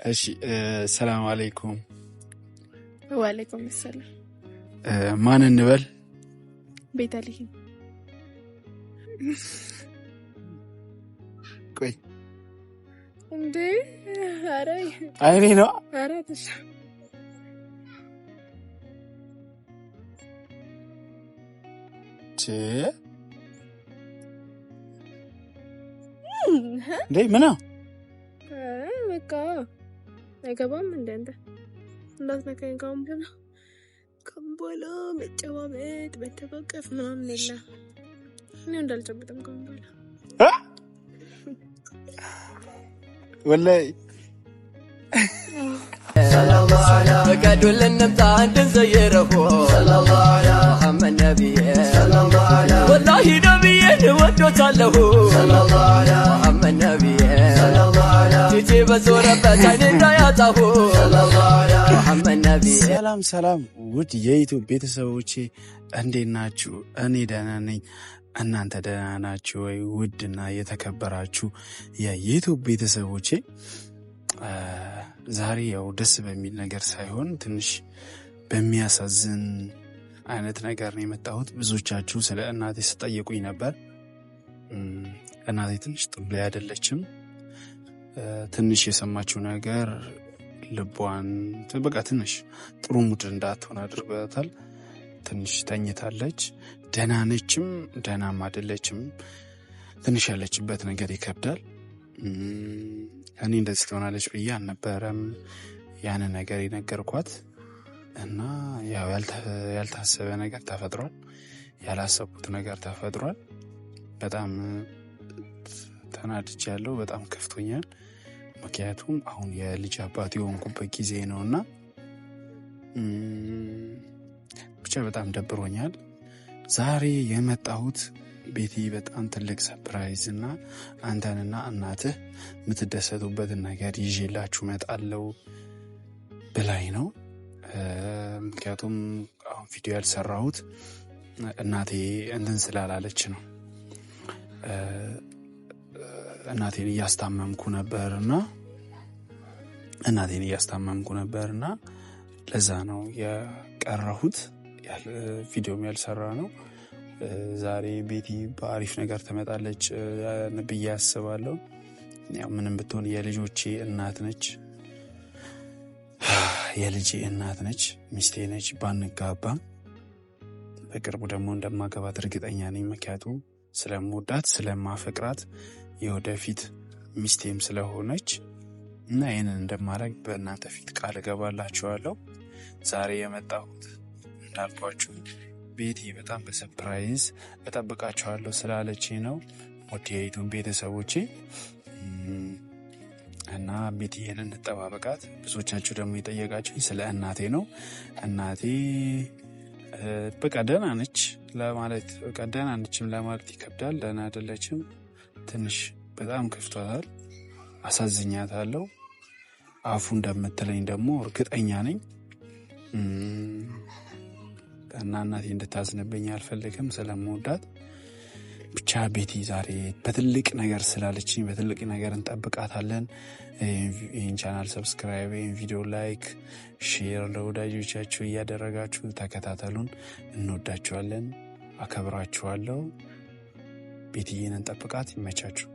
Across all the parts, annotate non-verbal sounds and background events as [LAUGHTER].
أشي أه السلام عليكم وعليكم السلام أه مان النبل بيت عليهم كويس እንዴ አረ አይኔ ها አረ ተሻ እንዴ ምነው በቃ አይገባም እንደ አንተ እንዳትነካኝ ካሁን በኋላ ካሁን በኋላ መጨባበጥ መተቃቀፍ ምናምን የለ። እኔ እንዳልጨብጥም ካሁን በኋላ ወላሂ ፍቀዱልን እንምጣ እንድንዘይረፎ መሐመድ ነቢዬን ወላሂ ነቢዬን እወዶታለሁ መሐመድ ነቢዬን ፊቴ በዞረበት አይኔ መሐመድ ሰላም ሰላም፣ ውድ የኢትዮ ቤተሰቦቼ እንዴት ናችሁ? እኔ ደህና ነኝ። እናንተ ደህና ናችሁ ወይ? ውድና የተከበራችሁ የኢትዮ ቤተሰቦቼ ዛሬ ያው ደስ በሚል ነገር ሳይሆን ትንሽ በሚያሳዝን አይነት ነገር ነው የመጣሁት። ብዙዎቻችሁ ስለ እናቴ ስጠየቁኝ ነበር። እናቴ ትንሽ ጥሩ ላይ አይደለችም። ትንሽ የሰማችው ነገር ልቧን በቃ ትንሽ ጥሩ ሙድር እንዳትሆን አድርጓታል። ትንሽ ተኝታለች። ደህና ነችም ደህናም አይደለችም። ትንሽ ያለችበት ነገር ይከብዳል። እኔ እንደዚህ ትሆናለች ብዬ አልነበረም ያንን ነገር የነገርኳት እና ያው ያልታሰበ ነገር ተፈጥሯል። ያላሰብኩት ነገር ተፈጥሯል። በጣም ተናድጅ ያለው በጣም ከፍቶኛል። ምክንያቱም አሁን የልጅ አባት የሆንኩበት ጊዜ ነው እና ብቻ በጣም ደብሮኛል። ዛሬ የመጣሁት ቤቲ በጣም ትልቅ ሰፕራይዝ እና አንተንና እናትህ የምትደሰቱበትን ነገር ይዤላችሁ መጣለው ብላኝ ነው። ምክንያቱም አሁን ቪዲዮ ያልሰራሁት እናቴ እንትን ስላላለች ነው። እናቴን እያስታመምኩ ነበርና እናቴን እያስታመምኩ እና ለዛ ነው የቀረሁት። ቪዲዮም ያልሰራ ነው። ዛሬ ቤቲ በአሪፍ ነገር ትመጣለች ብዬ አስባለሁ። ምንም ብትሆን የልጆቼ እናት ነች፣ የልጄ እናት ነች፣ ሚስቴ ነች። ባንጋባ በቅርቡ ደግሞ እንደማገባት እርግጠኛ ነኝ ምክንያቱም ስለምወዳት ስለማፈቅራት የወደፊት ሚስቴም ስለሆነች እና ይህንን እንደማድረግ በእናንተ ፊት ቃል እገባላችኋለሁ። ዛሬ የመጣሁት እንዳልኳችሁ ቤቴ በጣም በሰፕራይዝ እጠብቃችኋለሁ ስላለች ነው። ወዲያይቱን ቤተሰቦቼ እና ይህንን እንጠባበቃት። ብዙዎቻችሁ ደግሞ የጠየቃችሁኝ ስለ እናቴ ነው። እናቴ በቃ ደህና ነች ለማለት በቃ ደህና ነችም ለማለት ይከብዳል። ደህና አይደለችም። ትንሽ በጣም ከፍቷታል። አሳዝኛታለሁ። አፉ እንደምትለኝ ደግሞ እርግጠኛ ነኝ። እና እናቴ እንድታዝንብኝ አልፈልግም ስለምወዳት ብቻ ቤቲ ዛሬ በትልቅ ነገር ስላለች በትልቅ ነገር እንጠብቃታለን። ይህን ቻናል ሰብስክራይብ፣ ይህን ቪዲዮ ላይክ፣ ሼር ለወዳጆቻችሁ እያደረጋችሁ ተከታተሉን። እንወዳችኋለን፣ አከብራችኋለሁ። ቤትዬን እንጠብቃት። ይመቻችሁ።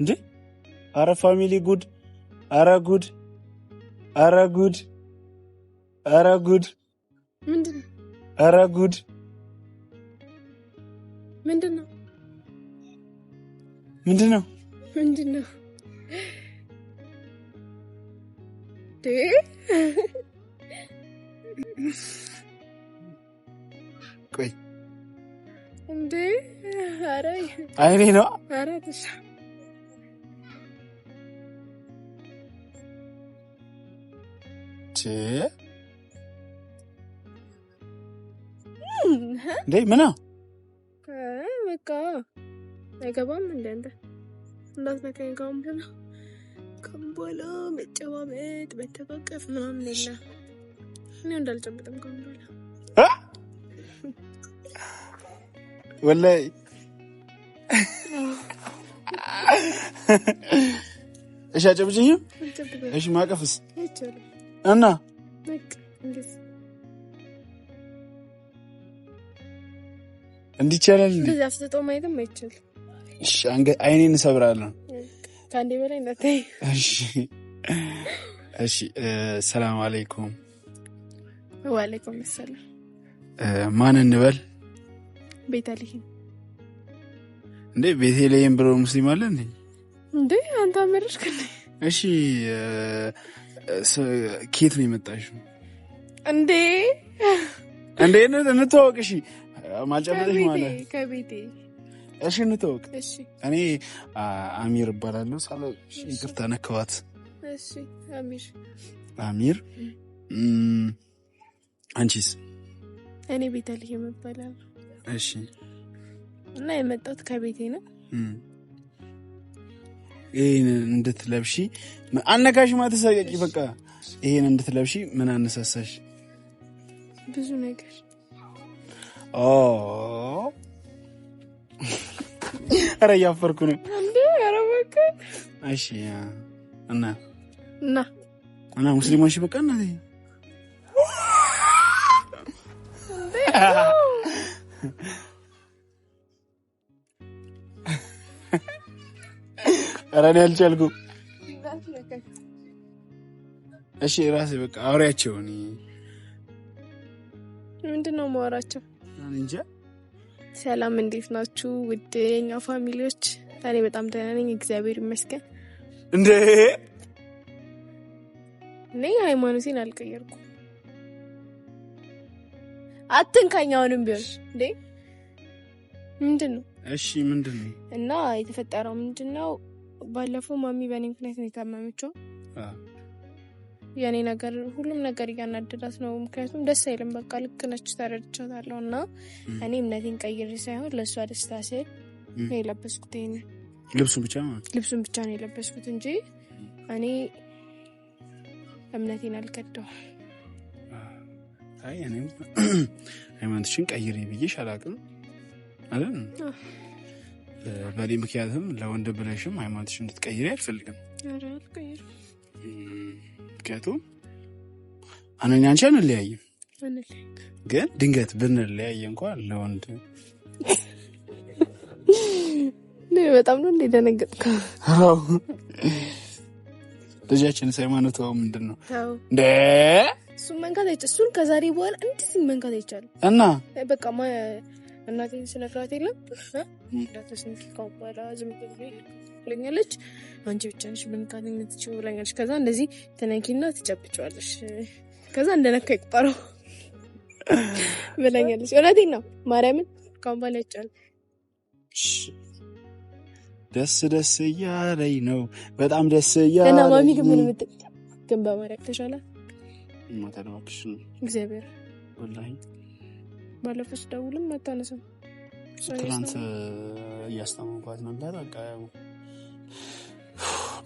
እንዴ! አረ ፋሚሊ ጉድ! አረ ጉድ! አረ ጉድ! አረ ጉድ! አረ ጉድ! ምንድን ነው ምንድን ነው ምንድን ነው ቆይ እንዴ ኧረ አይኔ ነው ኧረ ተሻ እንዴ ምነው 그러니까 내가 보면 된다. الناس ما كان يقوم لنا قنبلة من الجوامد من التوقف من أمن الله من ده الجنب ده قنبلة والله ايش عجبك ايش ما قفز انا እንዲቻላል እንደዚህ አስልጦ ማየትም አይቻልም። እሺ አይኔን እሰብራለሁ። ከአንዴ በላይ እንዳታይ። እሺ እሺ። ሰላም አለይኩም። ዋለይኩም ሰላም። ማን እንበል? ቤተልሔም እንዴ? ቤተልሔም ብሎ ሙስሊም አለ እንዴ? እንዴ አንተ አመረሽ እንዴ? እሺ ኬት ነው የመጣሽው? እንዴ እንዴ እንተዋወቅ። እሺ ማጨመርሽ ማለት ከቤቴ እሺ፣ እንተወቅ። እኔ አሚር እባላለሁ። ሳለ ይቅርታ ነከዋት። አሚር አንቺስ? እኔ ቤተልሔም እባላለሁ። እሺ። እና የመጣሁት ከቤቴ ነው። ይህን እንድትለብሺ አነካሽ ማተሳቀቂ በቃ ይህን እንድትለብሺ ምን አነሳሳሽ? ብዙ ነገር ኧረ እያፈርኩ ነው። እሺ እና እና እና ሙስሊሞች በቃ እና ኧረ እኔ አልቻልኩም። እሺ ራሴ በቃ አውሪያቸው። ምንድን ነው የማወራቸው? እንጂ ሰላም፣ እንዴት ናችሁ ውድ የኛ ፋሚሊዎች? እኔ በጣም ደህና ነኝ፣ እግዚአብሔር ይመስገን። እንደ እኔ ሃይማኖቴን አልቀየርኩ። አትንካኝ አሁንም ቢሆን እንዴ! ምንድን ነው እሺ፣ ምንድን ነው እና የተፈጠረው ምንድን ነው? ባለፈው ማሚ በእኔ ምክንያት ነው የታመመችው። የኔ ነገር ሁሉም ነገር እያናደዳት ነው። ምክንያቱም ደስ አይልም። በቃ ልክ ነች፣ ተረድቻታለሁ። እና እኔ እምነቴን ቀይር ሳይሆን ለእሷ ደስታ ስል ነው የለበስኩት። ልብሱን ብቻ ልብሱን ብቻ ነው የለበስኩት እንጂ እኔ እምነቴን አልገደውም። አይ እኔም ሃይማኖትሽን ቀይር ብዬሽ አላቅም አለን። በእኔ ምክንያትም ለወንድ ብለሽም ሃይማኖትሽን እንድትቀይሬ አልፈልግም። ምክንያቱም አነኛ አንቺ አንለያይም፣ ግን ድንገት ብንለያየ እንኳን ለወንድ በጣም ነው እንደደነገጥከው። ልጃችን ልጃችንስ ሃይማኖት ምንድን ነው እንደ እሱን መንካት አይቻልም። እሱን ከዛሬ በኋላ እንደዚህ መንካት አይቻል እና በቃ ማ እናገኝ ስነግራት የለም ብለኛለች። አንቺ ብቻ ነሽ ብንካልኝ የምትችይው ብለኛለች። ከዛ እንደዚህ ትነኪና ትጨብጨዋለሽ፣ ከዛ እንደነካ ይቆጠረው ብለኛለች። እውነቴን ነው ማርያምን። ካሁን ያጫል ደስ ደስ እያለኝ ነው፣ በጣም ደስ እያለኝ እና ማሚ ግን ምን ምት ግን በማርያም ተሻለ ማተለባክሽ እግዚአብሔር ወላሂ ባለፈው ስደውልም አታነሳም። ትናንት እያስተማንኳት ነበር በቃ ያው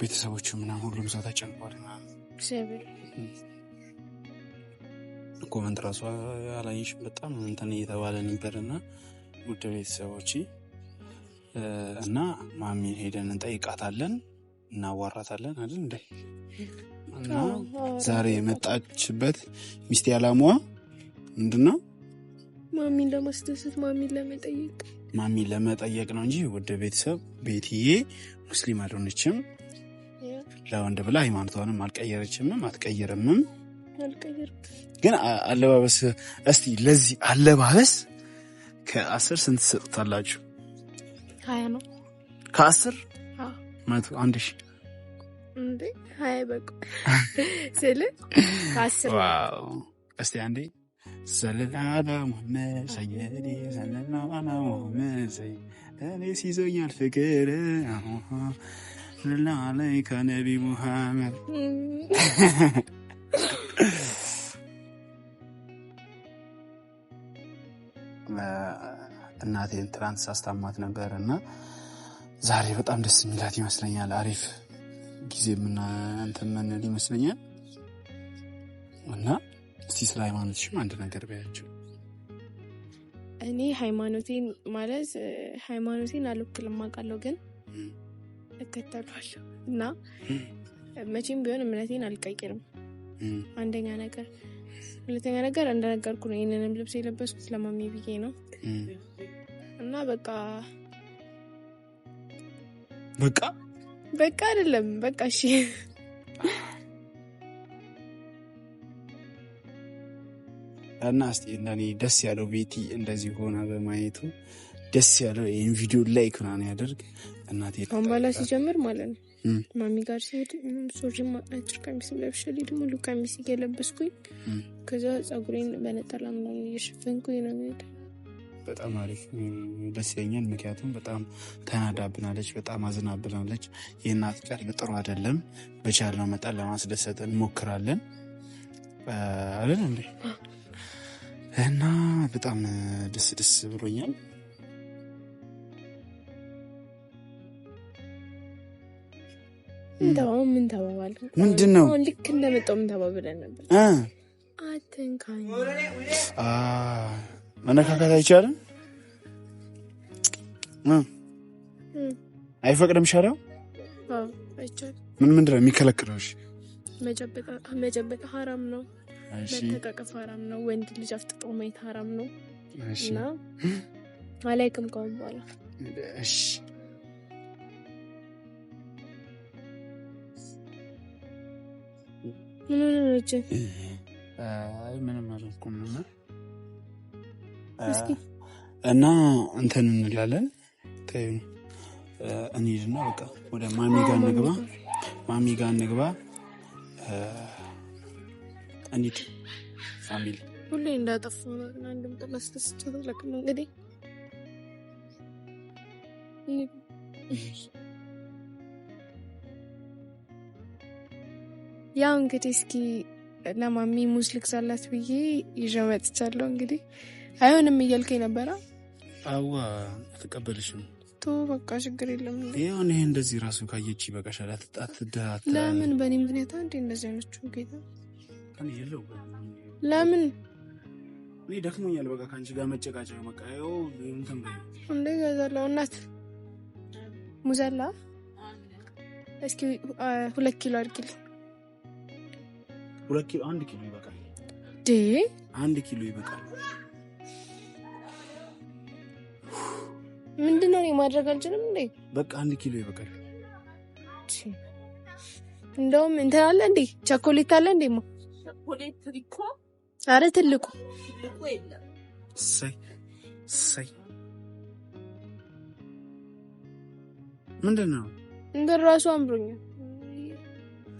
ቤተሰቦቹ ምናምን ሁሉም ሰው ተጨንቋል። ኮመንት ራሷ አላየሽም በጣም እንትን እየተባለ ነበር እና ውድ ቤተሰቦች እና ማሚ ሄደን እንጠይቃታለን እናዋራታለን አይደል እንደ እና ዛሬ የመጣችበት ሚስቴ አላማዋ ምንድን ነው? ማሚን ለማስደሰት ማሚን ለመጠየቅ ማሚን ለመጠየቅ ነው እንጂ ውድ ቤተሰብ ቤትዬ ሙስሊም አልሆነችም። ለወንድ ብላ ሃይማኖቷንም አልቀየረችምም አትቀየርምም ግን አለባበስ እስቲ ለዚህ አለባበስ ከአስር ስንት ትሰጡታላችሁ? ሀያ ነው ከአስር መቶ አንድ ሺ እንዴ ሀያ በቁ [LAUGHS] ስል አስር እስቲ አንዴ ሲዞኛል ፍቅር صل عليك نبي محمد እናቴን ትናንት ሳስታማት ነበር እና ዛሬ በጣም ደስ የሚላት ይመስለኛል። አሪፍ ጊዜ እንትን ይመስለኛል። እና እስቲ ስለ ሃይማኖትሽም አንድ ነገር በያቸው። እኔ ሃይማኖቴን ማለት ሃይማኖቴን አልወክልም አውቃለሁ ግን እከተሏለሁ እና መቼም ቢሆን እምነቴን አልቀይርም። አንደኛ ነገር፣ ሁለተኛ ነገር እንደነገርኩ ነው። ይህንንም ልብስ የለበስኩት ለማሚ ብዬ ነው እና በቃ በቃ በቃ አይደለም በቃ እሺ እና እስኪ እንደኔ ደስ ያለው ቤቲ እንደዚህ ሆና በማየቱ ደስ ያለው ይህን ቪዲዮ ላይክ ምናምን ያደርግ እናቴ አምባላ ሲጀምር ማለት ነው ማሚ ጋር ሲሄድ ሶሪ አጭር ቀሚስ ለብሻል ልሂድ ሙሉ ቀሚስ እየለበስኩኝ ከዛ ጸጉሬን በነጠላ ምና እየሸፈንኩኝ ነው የምሄደው። በጣም አሪፍ ደስ ይለኛል። ምክንያቱም በጣም ተናዳብናለች፣ በጣም አዝናብናለች። የእናት ቃል ጥሩ አይደለም። በቻልነው መጠን ለማስደሰት እንሞክራለን አለን እንዴ እና በጣም ደስ ደስ ብሎኛል። ምን ተባባል? ምንድን ነው ልክ እንደመጣው ምን ተባብለን ነበር? አትንካኝ። መነካከት አይቻልም። አይፈቅድም። ሸሪያው ምን ምንድን ነው የሚከለክለው? መጨበጥ ሀራም ነው። መተቃቀፍ ሀራም ነው። ወንድ ልጅ አፍጥጦ ማየት ሀራም ነው እና አላይክም ከአሁን በኋላ ምንም አላልኩም። እና እንትን እንላለን እንሂድና በቃ ወደ ማሚ እንግባ፣ ማሚ እንግባ። እንሂድ ፋሚሊ ሁሌ እንዳጠፋ እንግዲህ ያው እንግዲህ እስኪ ለማሚ ሙዝ ልግዛላት ብዬ ይዤው መጥቻለሁ። እንግዲህ አይሆንም እያልከኝ ነበረ። አዋ አትቀበልሽም? ቶ በቃ ችግር የለም። ይሁን ይሄ እንደዚህ ራሱ ካየች ይበቃሻል። አትዳት ለምን በእኔ ምክንያት አንዴ እንደዚህ አይነች ጌታ ለምን እኔ ደክሞኛል። በቃ ከአንቺ ጋር መጨቃጨቅ በቃ ው እንትን እንደ ገዛለው እናት ሙዘላ እስኪ ሁለት ኪሎ አድርጊልኝ አንድ ኪሎ ይበቃል። አንድ ኪሎ ይበቃል። ምንድነው የማድረግ ማድረግ አልችልም እንዴ? በቃ አንድ ኪሎ ይበቃል። እንደውም እንትን አለ እንዴ? ቸኮሌት አለ እንዴ? አረ ትልቁ ምንድነው እሰይ። ምንድን ነው እንደ ራሱ አምሮኛል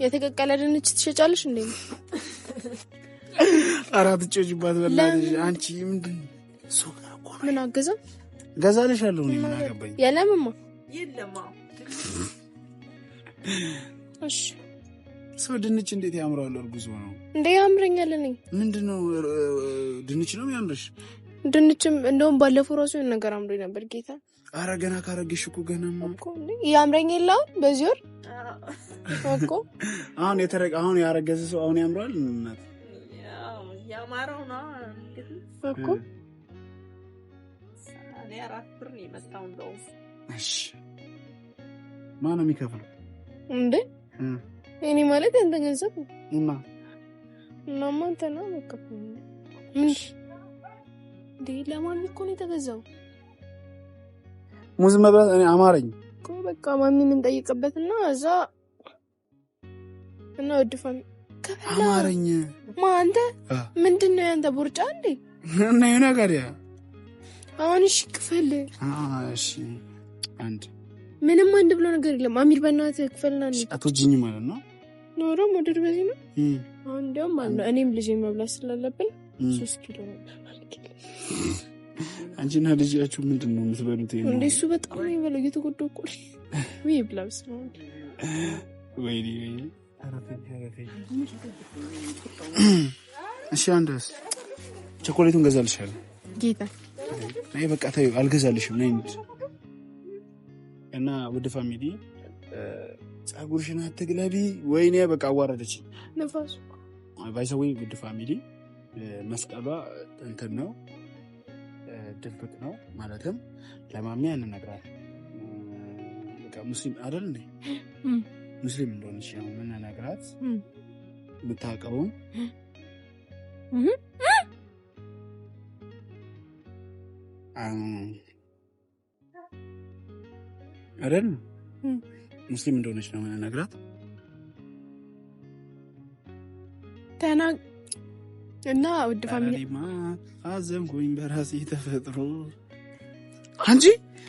የተቀቀለ ድንች ትሸጫለሽ እንዴ? አራት ጮጅባት በላለሽ አንቺ። ምንድን ምን አገዘም ገዛልሽ አለሁ ምን አገባኝ። የለምማ እሺ ሰው ድንች እንዴት ያምራሉ። እርጉዝ ነው እንደ ያምረኛል። እኔ ምንድን ነው ድንች ነው ያምርሽ? ድንችም እንደውም ባለፈው ራሱ ነገር አምሮኝ ነበር ጌታ አረ ገና ካረግሽ እኮ ገና ያምረኝ የለውን በዚህ ወር [LAUGHS] አሁን የተረቀ አሁን ያረገዘ ሰው አሁን ያምረዋል። እናት ያማረው ነው እኮ አራት እሺ፣ ማን ነው የሚከፍለው እንዴ? እኔ ማለት ያንተ ገንዘብ እና እናማ አንተ ነው መከፍል ምን እንዴ? ለማን እኮ ነው የተገዛው? ሙዝ መብላት እኔ አማረኝ በቃ ማሚን እንጠይቅበት እና እዛ እና ወድፋን አማረኝ። ማ አንተ ምንድን ነው ያንተ ቦርጫ እንዴ? እና ነገር ያ አሁን እሺ፣ ክፈል። እሺ አንድ ምንም አንድ ብሎ ነገር የለም። አሚር በእናትህ ክፈልና አቶ ማለት ነው ኖሮ ሞደር በዚህ ነው። አሁን እንዲያውም እኔም ልጅ መብላት ስላለብን ሶስት ኪሎ ነበር አንቺና ልጃችሁ ምንድን ነው የምትበሉት? እሱ በጣም ነው የሚበለው። እየተጎዳ እኮ ወይ ብላብስ ነው ወይ እሺ፣ አንደስ ቸኮሌቱን ገዛልሻለሁ። ጌታ ነይ፣ በቃ ተይው፣ አልገዛልሽም። ነይ እና ውድ ፋሚሊ ፀጉርሽን አትግለቢ። ወይኔ በቃ አዋረደች ነፋሱ። ባይሰወይ ውድ ፋሚሊ መስቀሏ እንትን ነው ድብቅ ነው። ማለትም ለማሚ እንነግራል ሙስሊም አይደል እንዴ? ሙስሊም እንደሆነች ነው የምንነግራት። የምታውቀውም አይደል ሙስሊም እንደሆነች ነው የምንነግራት። እና ውድ ፋሚሊ አዘንኩኝ በራሴ ተፈጥሮ አንቺ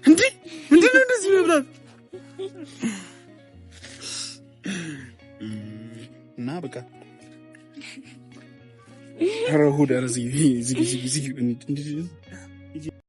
እንዲ እንዲ ነው እንደዚህ መብላት እና በቃ ረሁ ደረስ ዚግ ዚግ ዚግ